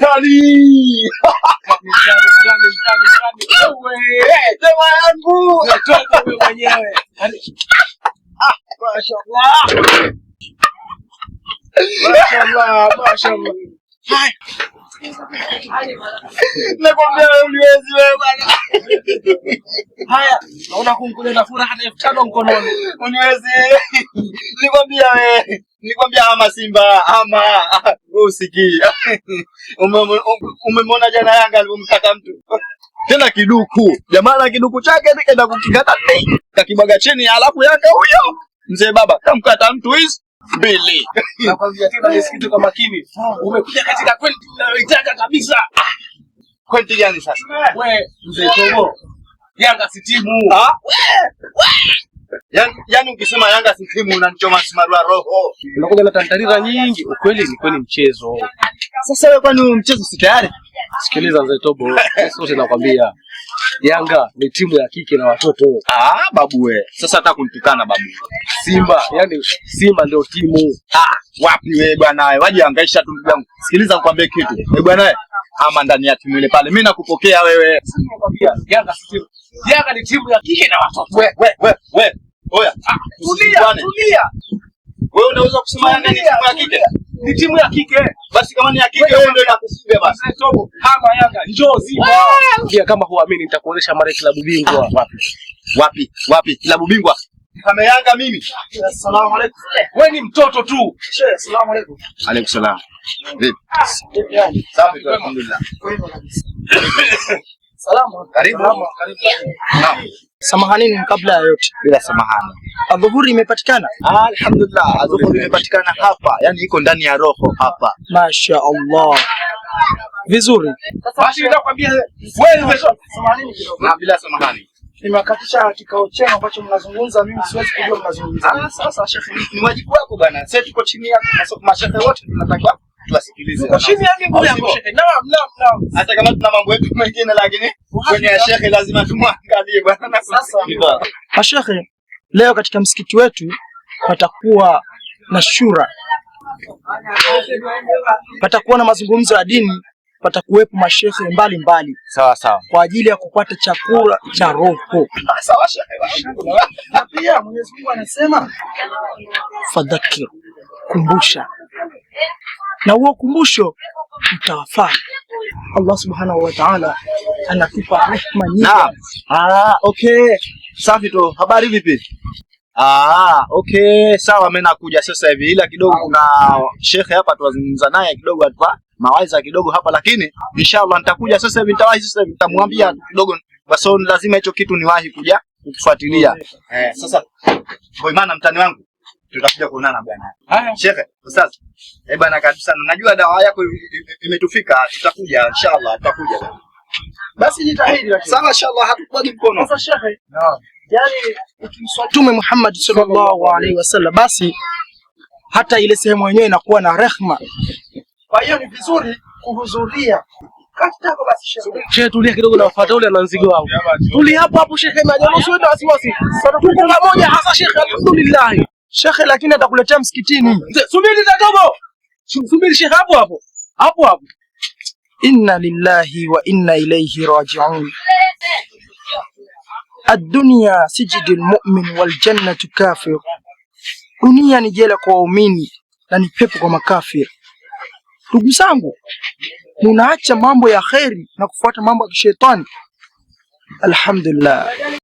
Kali. Sema yangu. Natoka wewe mwenyewe. Mashallah. Mashallah, Nakwambia wewe uliwezi wewe bwana. Haya, naona kunkuleta furaha na elfu tano mkononi. Uniwezi. Nikwambia wewe. Nikwambia ama Simba ama wewe usikii. Umemwona jana Yanga alivyomkata mtu tena kiduku, jamaa na kiduku chake nikaenda kukikata tei kakibwaga chini, alafu Yanga huyo mzee baba kamkata mtu hizi mbili. Nakwambia tena nisikitu kwa makini, umekuja katika kweli tunayoitaka kabisa. Kweli gani sasa? Wewe mzee Tomo, Yanga si timu. Ah, wewe Yaani yani ukisema Yanga si timu unanichoma simaru roho. Unakuja na tantarira nyingi, ukweli ni kweli mchezo. Sasa wewe kwani huo mchezo si tayari? Sikiliza mzee Tobo, sote nakwambia. Yanga ni timu ya kike na watoto. Ah, babu we. Sasa hata kunitukana babu. Simba, yani Simba ndio timu. Ah, wapi we bwana wewe? Waje angaisha tu ndugu yangu. Sikiliza nikwambie kitu. Wewe eh, bwana wewe ama ndani ya timu ile pale. Mimi nakupokea wewe. Yanga Yanga ni timu ya kike na watoto. We we we we. Oya, ah, tulia tulia. Wewe unaweza kusema Yanga ni timu ya kike? Ni timu ya kike. Basi kama ni ya kike wewe ndio inakufunga basi. kama Yanga njozi. Pia Kama huamini nitakuonesha mara klabu bingwa wapi? Wapi? Wapi? Klabu bingwa kama mimi. Asalamu alaykum. Wewe ni mtoto tu. Asalamu alaykum. Alaykum salaam. Vipi? Safi tu alhamdulillah. Salamu. Karibu. Naam. Samahanini kabla ya yote. Bila samahani. Adhuhuri imepatikana? Alhamdulillah, adhuhuri imepatikana hapa. Yaani iko ndani ya roho hapa. Masha Allah. Vizuri. Basi nitakwambia wewe, samahani Na bila samahani nimewakatisha kikao chenu ambacho mnazungumza, mimi siwezi kujua mnazungumza. Ah, sasa shekhe, ni wajibu wako bwana. Sisi tuko chini yako, mashehe wote tunatakiwa tuwasikilize. Tuko chini ya miguu yako shekhe. Naam, naam, naam. Hata kama tuna mambo yetu mengine, lakini kwenye ya shekhe lazima tumwangalie bwana. Sasa mashekhe, leo katika msikiti wetu patakuwa na shura, patakuwa na mazungumzo ya dini patakuwepo mashehe mbalimbali sawa sawa, kwa ajili ya kupata chakula cha roho. Na pia Mwenyezi Mungu anasema fadhakir, kumbusha, na huo kumbusho utawafaa. Allah subhanahu wa ta'ala anatupa rehema nyingi. Ah, okay, safi tu. Habari vipi? Ah, okay, sawa, mimi nakuja sasa hivi, ila kidogo kuna shekhe hapa tuwazungumza naye kidogo, atupa mawaidha kidogo hapa, lakini inshallah nitakuja sasa hivi, nitawahi sasa hivi, nitamwambia kidogo, kwa sababu lazima hicho kitu niwahi kuja kukifuatilia. Eh, sasa kwa maana mtani wangu tutakuja kuonana bwana. Haya shekhe, ustaz. eh bwana, kabisa najua dawa yako imetufika, tutakuja inshallah, tutakuja bwana. Basi jitahidi lakini. Sana inshallah hatukuagi mkono. Sasa shekhe. Naam. Yaani ukimswali Mtume Muhammad sallallahu alaihi wasallam basi hata ile sehemu yenyewe inakuwa na rehma. Kwa hiyo ni vizuri kuhudhuria. Katitako basi shekhe. Shekhe tulia kidogo na wafuata ule ananzigo wangu. Tuli hapo hapo shekhe na jalusi wewe wasiwasi. Sasa tuko pamoja hasa shekhe alhamdulillah. Shekhe lakini atakuletea msikitini. Subiri tatobo. Subiri shekhe hapo hapo. Hapo hapo inna lillahi wa inna ilayhi rajiun. Addunya sijidul mu'min wal jannatu kafir, dunia ni jela kwa waumini na ni pepo kwa makafir. Ndugu zangu, munaacha mambo ya kheri na kufuata mambo ya kishetani. Alhamdulillah.